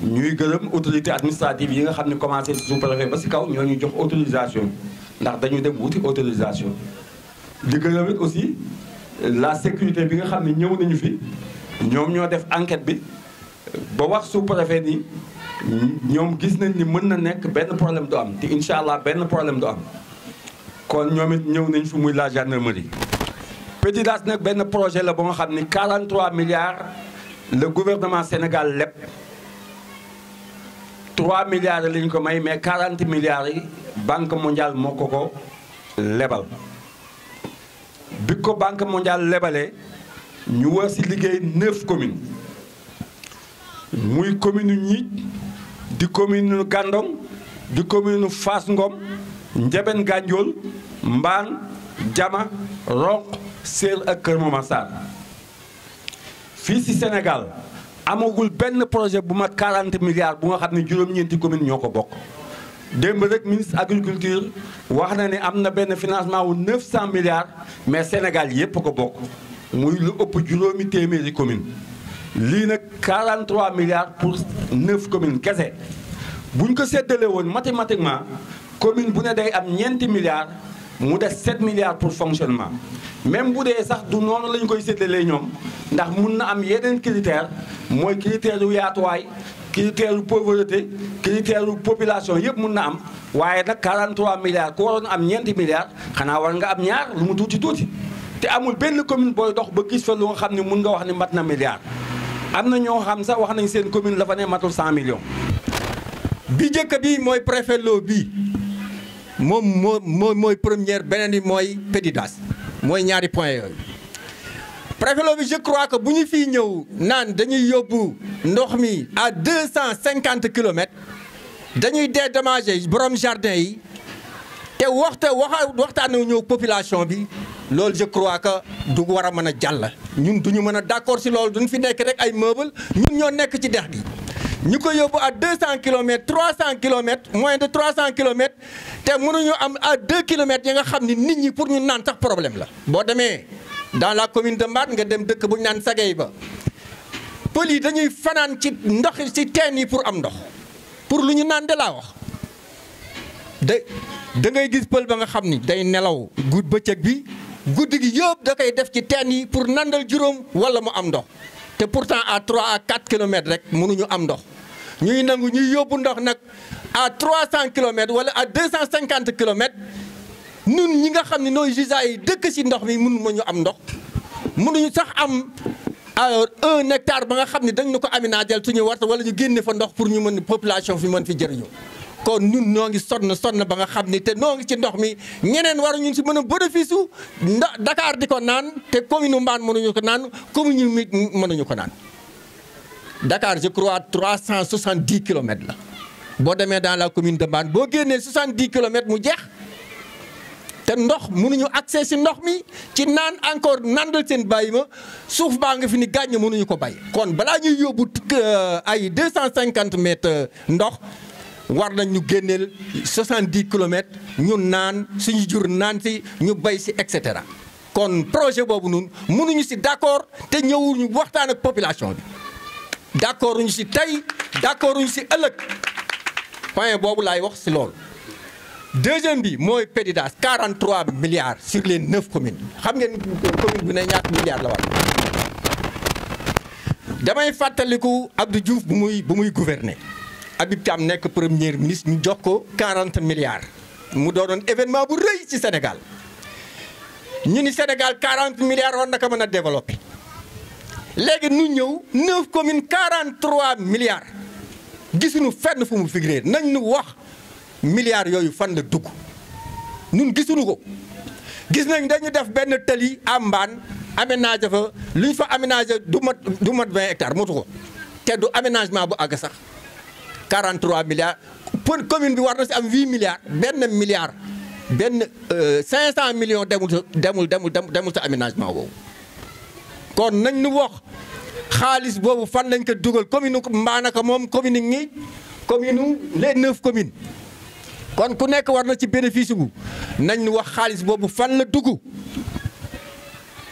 ñuy une autorité administrative yi nga xam commencé à sous-préfet ba ci kaw ñoo ñu jox autorisation ndax dañu dem wuti autorisation avons aussi la sécurité bi nga fait ne ñëw nañu fi ñoom ñoo def enquête bi ba wax sous-préfet ni gis nañ ni problème du Inch'Allah, un ben problème d'homme. am kon ñoom it ñëw nañ fi muy la gendarmerie. PETIDAS nag benn projet la ba nga xam 43 milliards le gouvernement Sénégal fait. 3 milliards yi lañ ko may mais 40 yi banque mondiale moo ko lebal bi ko banque mondiale lebalee ñu war si liggéey 9 communes muy commune ñiij di commune nu Gandon di commune nu Fass Ngom Ndiébène Mbaan Jama Roq Sèr ak Kër Momar Sarr fii si Sénégal amagul benn projet bu mat 40 milliards bu nga xam ne juróom-ñeenti commune ñoo ko bokk démb rek ministre agriculture wax na ne am na benn financement wu 900 milliards mais Sénégal yëpp ko bokk muy lu ëpp juróomi téeméeri commune lii nag 43 milliards pour 9 commune kese buñ ko séddalee woon mathématiquement commune bu ne day am ñeenti milliards mu des 7 milliards pour fonctionnement même bu dee sax du noonu lañu koy séddalee ñoom ndax mun na am yeneen critère mooy critère yu yaatuwaay critère yu pauvreté critère yu population yëpp mun na am waaye nag 43 milliards ku waroon am ñeenti milliards xanaa war nga am ñaar lu mu tuuti tuuti te amul benn commune booy dox ba gis fa nga xam ne mun nga wax ne mat na milliard am na ñoo xam sax wax nañ seen commune la fa ne matul 100 millions bi njëkk bi mooy préfet loo bii moom moo mooy première beneen bi mooy PDIDAS moy ñaari point yooyu préfet je crois que buñu fi fii ñëw dañuy yobbu ndox mi à 250 km cinquante kilomètres dañuy dédommager borom jardin yi té waxta waxa waxtaanu ñëw population bi loolu je crois que du wara mëna mën ñun duñu mëna d'accord ci loolu duñ fi nekk rek ay meubles ñun ñoo nekk ci dex bi ñu ko yóbbu à 200 kilomètres 300 kilomètres moins de 300 kilomètres te mënuñu am à 2 kilomètres yi nga xam ni nit ñi pour ñu naan sax problème la. boo demee dans la commune de Mbaat nga dem dëkk bu ñu naan Sagay ba pël yi dañuy fanaan ci ndox ci teen yi pour am ndox pour lu ñu naan de laa wax de da ngay gis pël ba nga xam ni day nelaw gudd bëccëg bi guddi gi yëpp da koy def ci teen yi pour nandal juróom wala mu am ndox. te pourtant à 3 à 4 kilomètres rek mënuñu am ndox ñuy nangu ñuy yóbbu ndox nag à 300 kilomètres wala à 250 kilomètres ñun ñi nga xam ne nooy jusa yi dëkk ci ndox mi mënu ma ñu am ndox mënuñu sax am un hectare ba nga xam ni dañ ñu ko aménagel suñu warta wala ñu génne fa ndox pour ñu mën population fi mën fi jëriñu kon ñun ñoo ngi sonn sonn ba nga xam ni te noo ngi ci ndox mi ñeneen waru ñu si mën a bénéfice u ndax Dakar di ko naan te commune Mbane mënuñu ko naan commune mi mënuñu ko naan Dakar je crois 370 kilomètres la boo demee dans la commune de Mbane boo génnee 70 kilomètres mu jeex te ndox mënuñu accès si ndox mi ci naan encore nandal seen bàyyi ma suuf baa nga fi ni gàññ mënuñu ko bay kon balaa ñuy yóbbu euh, ay 250 mètres euh, ndox war nañ ñu 70 km ñu naan suñu jur naan si ñu bay ci etc kon projet bobu nun mënuñu ci d'accord te ñëwuñu waxtaan ak population bi d'accord ñu si tey d'accord ñu si ëllëg point boobu laay wax ci lool deuxième bi moy pédidas 43 milliards sur les 9 communes xam ngeen commune bu né ñaata milliards la war damay fàttaliku Abdou Diouf bu muy bu muy gouverner. Habib Thiam nekk premier ministre ñu jox ko 40 milliards mu doonoon événement bu rëy ci Sénégal ñu ni Sénégal 40 milliards war na mën a développer léegi nu ñëw 9 communes 43 milliards gisuñu fenn fu mu figurer nañ nu wax milliards yooyu fan la dugg ñun gisuñu ko gis nañ dañu def benn tëli àmbaan aménagé fa lu ñu fa aménagé du mat du mat 20 hectares motu ko te du aménagement bu àgg sax. 43 milliards pour commune bi war na si am 8 milliards benn milliard benn 500 euh, millions demul sa demul demul demul sa aménagement boobu. kon nañ nu wox xaalis boobu fan lañ ko dugal commune Mbanaka moom commune ngi commune les neuf communes kon ku nekk war na ci bénéfice bu nañ nu wax xaalis boobu fan la dugg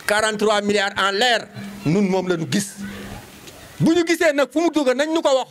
43 milliards en leer nun moom la ñu gis bu ñu gisee nag fu mu dugg nañ nu ko wax.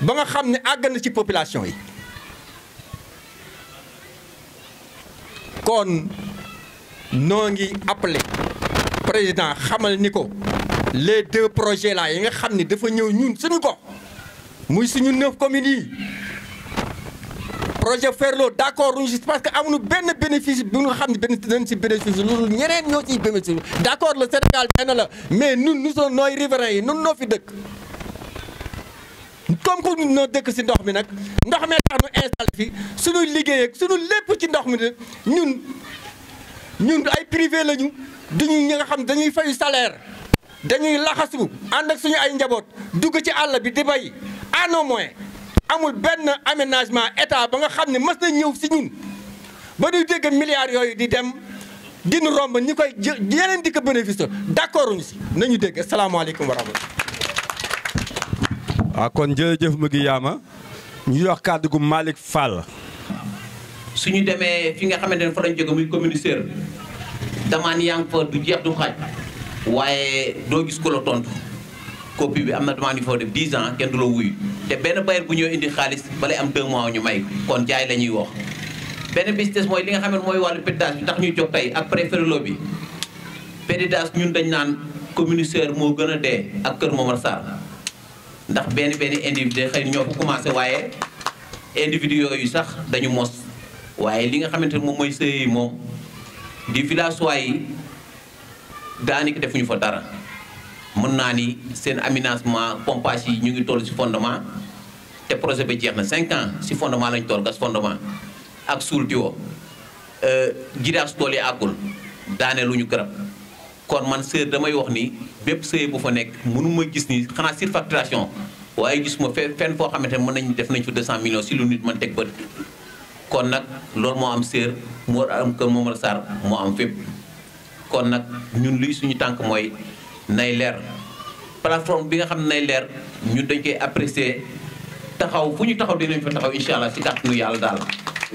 ba nga xam ne àgg na ci population yi kon noo ngi appelé président xamal ni ko les deux projets là yi nga xam ne dafa ñëw ñun suñu gox muy suñu neuf communes yi projet Ferlo d' accord uñu si parce que amuñu benn bénéfice bu nga xam ne benn dañ si bénéfice loolu ñeneen ñoo ciy bénéfice d' accord le Sénégal benn la mais nous nous sommes nooy riverains yi ñun noo fi dëkk comme que noo dëkk si ndox mi nag ndox mee tax nu installé fi suñu liggéey ak suñu lépp ci ndox mi de ñun ñun ay privé lañu duñu ñi nga xam dañuy fayu salaire dañuy laxasu ànd ak suñu ay njaboot dugg ci àll bi di bay à nos moyens amul benn aménagement état ba nga xam ne mas na ñëw si ñun ba ñuy dégg milliards yooyu di dem dinu romb ñu koy yeneen di ko bénéfice d'accord uñu si nañu dégg asalaamaaleykum wa rahmatulah waaw ah, kon jërëjëf bëgg yaama ñu wax kàddu gu Malick Fall. suñu demee fi nga xamante fa lañ jóge muy communautaire damaan yaa ngi fa du jeex du xaaj waaye doo gis ko la tontu copie bi am na demande yu def 10 ans kenn du la wuyu te benn bailleur bu ñëw indi xaalis balay am 2 mois ñu may kon jaay wax. business li nga bi tax ak bi ñun dañ ak Kër Momar ndax benn benn individu xëy ñoo ko commencé waaye individu yooyu sax dañu mos waaye li nga xamante ne moom mooy sëy moom di village yi daanaka defuñu fa dara mën naa ni seen aménagement pompage yi ñu ngi toll ci fondement te projet bi jeex na cinq ans ci fondement lañu toll gas fondement ak suul diwo euh, girage tool yi àggul daane lu ñu garab kon man sër damay wax nii bépp sëy bu fa nekk mënuma gis ni xanaa surfacturation waaye gisuma ma fe fenn foo xamante ne mën nañ def nañ fa 200 millions si lu nit man teg bët kon nag loolu moo am sër moo am kër Momar am fépp kon nag ñun luy suñu tànk mooy nay leer plateforme bi nga xam ne nay leer ñun dañ koy apprécier taxaw fu ñu taxaw dinañ fa taxaw incha allah si kàttanu yàlla daal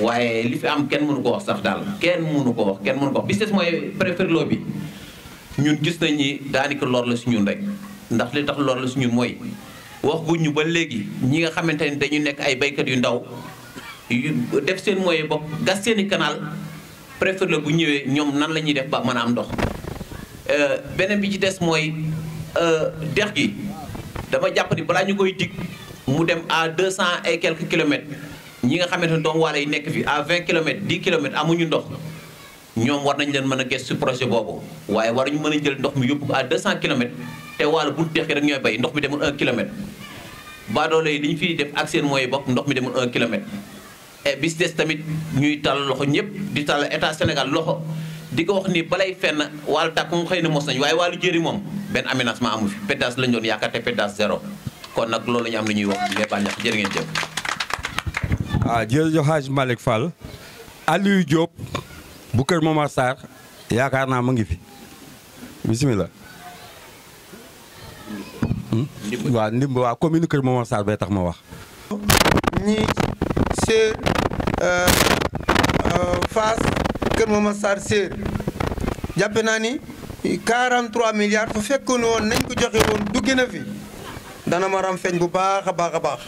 waaye li fi am kenn mënu ko wax sax daal kenn mënu ko wax kenn mënu ko wax business mooy préféré bi ñun gis nañ ni daanaka lor la si ñun rek ndax li tax lor la suñu mooy wax guñ ñu ba léegi ñi nga xamante ni dañu nekk ay baykat yu ndaw def seen mooy bopp gas seeni canal préfet la bu ñëwee ñoom nan la ñuy def ba mën a am ndox euh, beneen bi ci des mooy euh, dex gi dama jàpp ni balaa ñu koy dikk mu dem à deux cent et quelques kilomètres ñi nga xamante ne doomu waale yi nekk fi à vingt kilomètres dix kilomètres amuñu ndox ñoom war nañ leen mën a gëstu ci projet boobu waaye war ñu mën a jël ndox mi yóbbu ko à 200 kilomètres te waalo bu deqi rek ñooy bay ndox mi demul 1 kilomètre baadoole yi li ñu fiy def ak seen mooy bokk ndox mi demul 1 kilomètre et bis des tamit ñuy tàll loxo ñëpp di tàll état Sénégal loxo di ko wax ni balay fenn waal tàkku nga xëy na mos nañ waaye waalu jëri moom benn aménagement amu fi pédage lañ doon yaakaar te pédage zéro kon nag loolu la am lu ñuy wax les bànneex jërë ngeen jëf. ah jërëjëf Hadj Malick Fall Aliou Diop. bu kër Momar Sarr yaakaar naa mu ngi fi bisimilah. Hmm? waa ndimb waaw commune kër Momar Sarr bee tax ma wax. ñi Seur Fass kër Momar Sarr Seur jàppe naa ni 43 milliards su fekkoon woon nañ ko joxe woon dugg na fi dana ma ram feeñ bu baax a baax a baax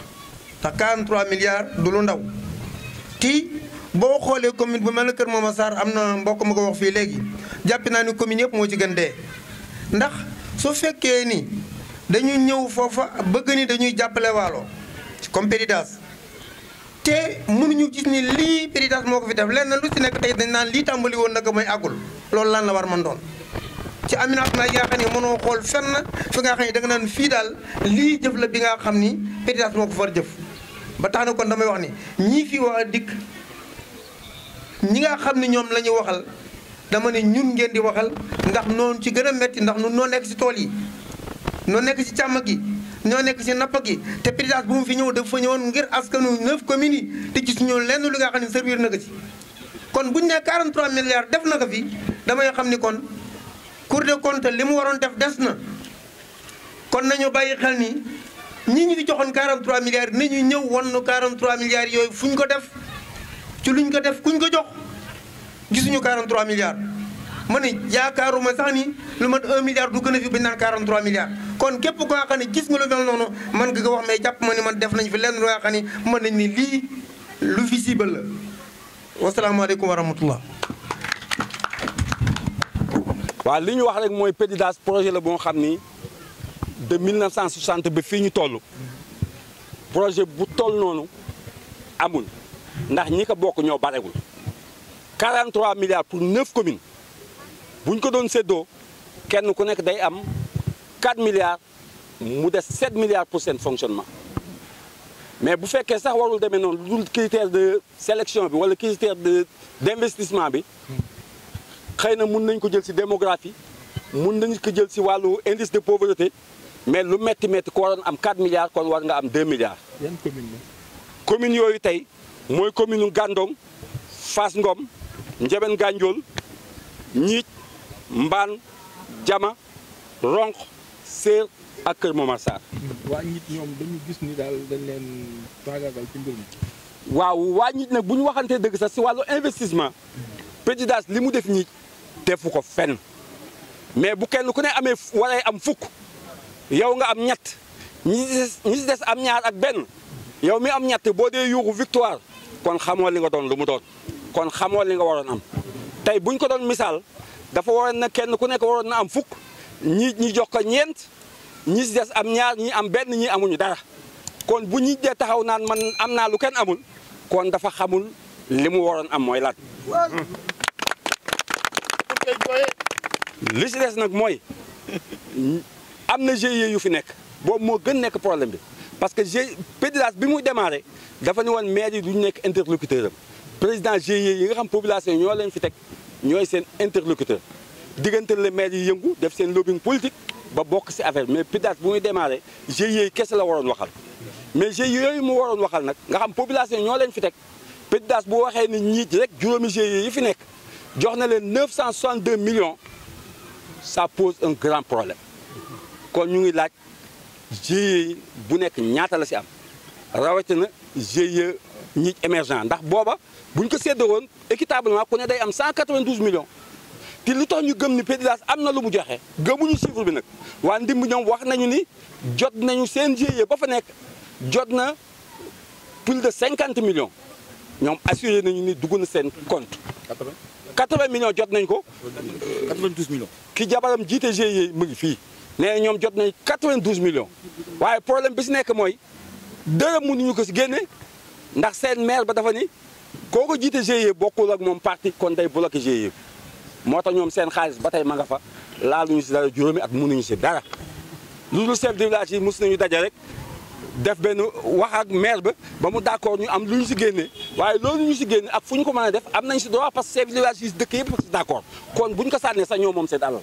te 43 milliards du lu ndaw ti boo xoolee commune bu mel ne Kër Momar saar am na mbokk ma ko wax fii léegi jàppe naa ni commune yëpp moo ci gën dee ndax su fekkee ni dañu ñëw foofa bëgg nii dañuy jàppale waalo comme Pédidas te mënuñu gis ni lii Pédidas moo ko fi def lenn lu ci nekk tey dañ naan lii tàmbali woon naka mooy àggul loolu lan la war man doon ci aménagement yi nga xam ne mënoo xool fenn fi nga xam ne da naan fii daal lii jëf la bi nga xam ni Pédidas moo ko far jëf ba kon damay wax ni ñii fii waa dikk ñi nga xam ne ñoom la ñu waxal dama ne ñun ngeen di waxal ndax noonu ci gën a métti ndax ñun noo nekk si tool yi noo nekk ci càmm gi ñoo nekk si napp gi te présidence bu mu fi ñëw dafa fa ñëwoon ngir askanu neuf commune yi te ci ñu lenn lu nga xam ne servir na ko ci kon bu buñu ne 43 milliards def na ko fi damay xam ni kon Cour des comptes li mu waroon def des na kon nañu bàyyi xel ni ñi ñu di joxoon 43 milliards nañu ñëw wan nu 43 milliards yooyu fu ñu ko def ci luñ ko def kuñ ko jox gisuñu 43 milliards ma ne yaakaaruma sax ni lu mat 1 milliard du gën a fi bañ naan 43 milliards kon képp koo xam ne gis nga lu mel noonu man nga ko wax mais ma ni man def nañ fi lenn loo xam ne mën nañ lii lu visible la wasalaamaaleykum wa rahmatullah waaw li ñu wax rek mooy PDIDAS projet la boo xam ni de 1960 ba fii ñu toll projet bu toll noonu amul ndax ñi ko bokk ñoo barewul 43 milliards pour 9 communes bu ñu ko doon séddoo kenn ku nekk day am 4 milliards mu des 7 milliards pour seen fonctionnement mais bu fekkee sax warul demee noonu lu dul critère de sélection bi wala critère de d' investissement bi xëy na mun nañ ko jël si démographie mun nañ ko jël si wàllu indice de pauvreté mais lu métti métti ko waroon am 4 milliards kon war nga am 2 milliards. yan communes yooyu tey. mooy commune u Gandon Fass Ngom Njeben Ganjool Ñiic Mbaan Jama Ronk Séer ak Kër Momar Sarr waa ñit ñoom dañu gis ni daal dañ leen waaw waa ñit nag bu ñu waxantee dëgg sax si wàllu investissement PDIDAS li mu def ñiic defu ko fenn mais bu kenn ku ne amee waree am fukk yow nga am ñett ñi si des am ñaar ak benn yow mi am ñett boo dee yuuxu victoire kon xamoo li nga doon lu mu doon kon xamoo li nga waroon am tey buñ ko doon misaal dafa waroon na kenn ku nekk waroon na am fukk ñii ñi jox ko ñeent ñi si des am ñaar ñii am benn ñii amuñu dara kon bu ñi dee taxaw naan man am naa lu kenn amul kon dafa xamul li mu waroon am mooy laat li si des nag mooy am na GIE yu fi nekk boobu moo gën nekk problème bi. parce que j'ai PDIDAS bi muy démarré dafa ne woon maire du ñu interlocuteur président GIE e yi nga xam population ñoo leen fi teg ñooy seen interlocuteur diggante le maire yi yëngu def seen lobbying politique ba bokk ci affaire mais PDIDAS bu muy démarré GIE e yi kese la waroon waxal mais GIE e yooyu mu waroon waxal nag nga xam population ñoo leen fi teg PDIDAS bu une ni direct rek juróomi GIE yi fi nekk jox 962 millions ça pose un grand problème kon ñu ngi laaj GIE bu nekk ñaata la si am rawatina GIE ñi émergent ndax booba buñ ko woon équitablement ku ne day am 192 millions te lu tax ñu gëm ni PDIDAS am na lu mu joxe gëmuñu chiffre bi nag waa ndimb ñoom wax nañu ni jot nañu seen GIE ba fa nekk jot na plus de 50 millions ñoom assuré nañu ni dugg na seen conte 80 80 millions jot nañ ko. 92 millions. ki jabaram jiite GIE mu ngi fii. nee ñoom jot nañ 92 millions waaye problème bi si nekk mooy dërëm mënuñu ko si génne ndax seen maire ba dafa ni kooku jiite GIE bokkul ak moom parti kon day bloqué GIE moo tax ñoom seen xaalis ba tey ma nga fa laaluñu si dara juróomi at mënuñu si dara loolu chef de village yi mos nañu daja rek def benn wax ak maire ba mu d'accord ñu am lu ñu si génne waaye loolu ñu si génne ak fu ñu ko mën def am nañ si droit parce que chef de village dëkk yëpp si d'accord kon bu ñu ko sax ñoo moom seen alal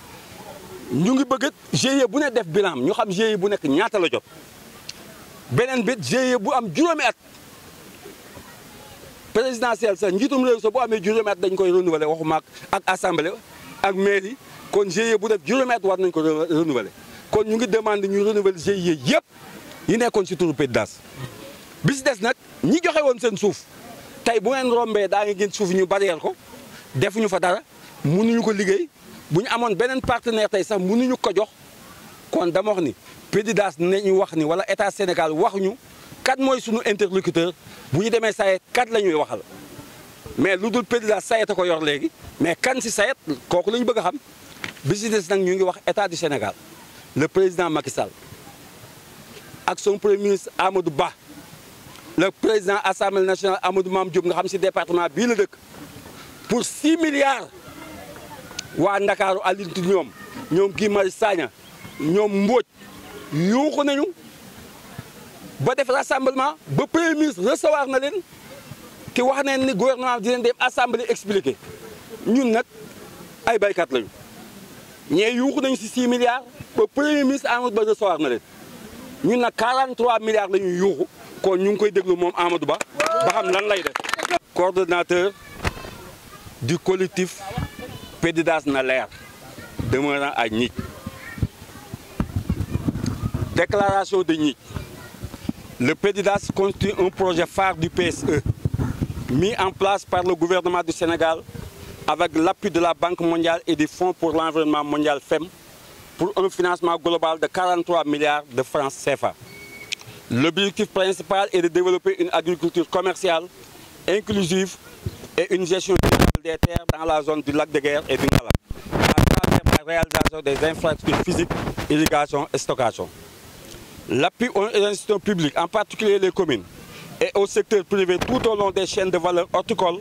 ñu ngi bëgg GIE bu ne def bilan ñu xam GIE bu nekk ñaata la jot beneen bit GIE bu am juróomi at présidentielle sax njiitum réew sax bu amee juróomi at dañ koy renouveler waxuma ak ak assemblée ak mairie kon GIE bu def juróomi at war nañ ko renouveler kon ñu ngi demande ñu renouveler GIE yëpp yi nekkoon si turu das bi si des nag ñi joxewoon seen suuf tey bu ngeen rombee daa ngi gën suuf ñu barrière ko defuñu fa dara mënuñu ko liggéey. buñ amone benen partenaire tay sax mënuñu ko jox kon dama wax ni PDIDAS nañu wax ni wala état Sénégal wax ñu kat moy suñu interlocuteur buñu ñu demee kat lañuy waxal mais lu dul PDIDAS ta ko yor légui mais kan ci SAED kooku lañu bëgg xam bi nak ñu ngi wax état du Sénégal le président Macky Sall ak son premier ministre Amadou Ba le président assemblée nationale Amadou Mam Diop nga xam ci département bi la dëkk pour 6 milliards. waa ndakaaru alinti ñoom ñoom Guy Marius Sagna ñoom Mbodj yuuxu nañu ba def rassemblement ba premier ministre recevoir na leen ki wax neen ni gouvernement di leen dem assemblée expliqué ñun nag ay baykat lañu ñee yuuxu nañu si 6 milliards ba premier ministre Amadou Ba recevoir na leen ñun nag 43 milliards la ñuy yuuxu kon ñu ngi koy déglu moom Amadou Ba ba xam lan lay def koordinateur di collectif pédidas na l'air, demeurant à Nick. Déclaration de Nick. Le pédidas constitue un projet phare du PSE, mis en place par le gouvernement du Sénégal avec l'appui de la Banque mondiale et des Fonds pour l'environnement mondial FEM pour un financement global de 43 milliards de francs CFA. L'objectif principal est de développer une agriculture commerciale, inclusive et une gestion des terres dans la zone du lac de guerre et du Nala, à la réalisation des infrastructures physiques, irrigation et stockage. L'appui aux institutions publiques, en particulier les communes, et au secteur privé tout au long des chaînes de valeur horticole,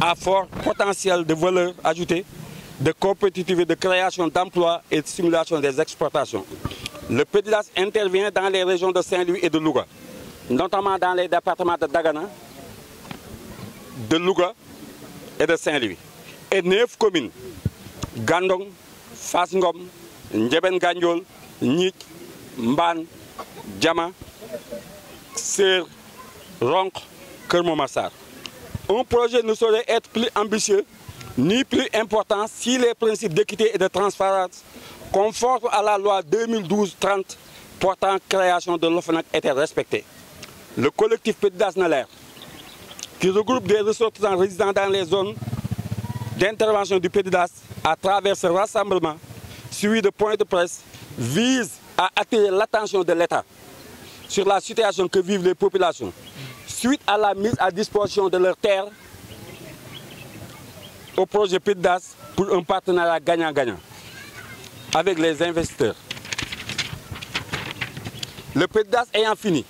à fort potentiel de valeur ajoutée, de compétitivité, de création d'emplois et de stimulation des exportations. Le PEDLAS intervient dans les régions de Saint-Louis et de Louga, notamment dans les départements de Dagana, de Louga, et de Saint-Louis et neuf communes Gandong, Fasngom, Ndjeben Ganyol, Nik, Mban, Djama, Ser, Ronk, Kermomassar. Un projet ne saurait être plus ambitieux ni plus important si les principes d'équité et de transparence conformes à la loi 2012-30 portant création de l'OFNAC étaient respectés. Le collectif Pédas qui regroupe des ressortissants résidant dans les zones d'intervention du Pédas à travers ce rassemblement suivi de points de presse vise à attirer l'attention de l'État sur la situation que vivent les populations suite à la mise à disposition de leurs terres au projet PDDAS pour un partenariat gagnant-gagnant avec les investisseurs. Le PDDAS ayant fini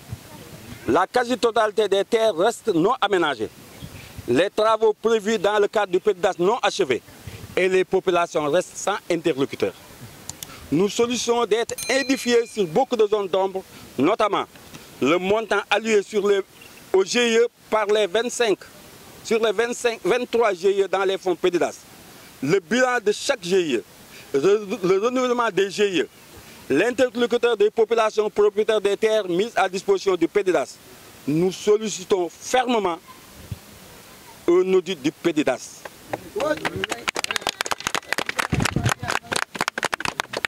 la quasi-totalité des terres reste non aménagée. Les travaux prévus dans le cadre du PEDAS non achevés et les populations restent sans interlocuteur. Nous solutions d'être édifiés sur beaucoup de zones d'ombre, notamment le montant allié sur les, au GIE par les 25, sur les 25, 23 GIE dans les fonds Pédidas. le bilan de chaque GIE, le, le renouvellement des GIE, l'interlocuteur des populations propriétaires des terres mises à disposition du PDDAS. Nous sollicitons fermement un audit du PDDAS.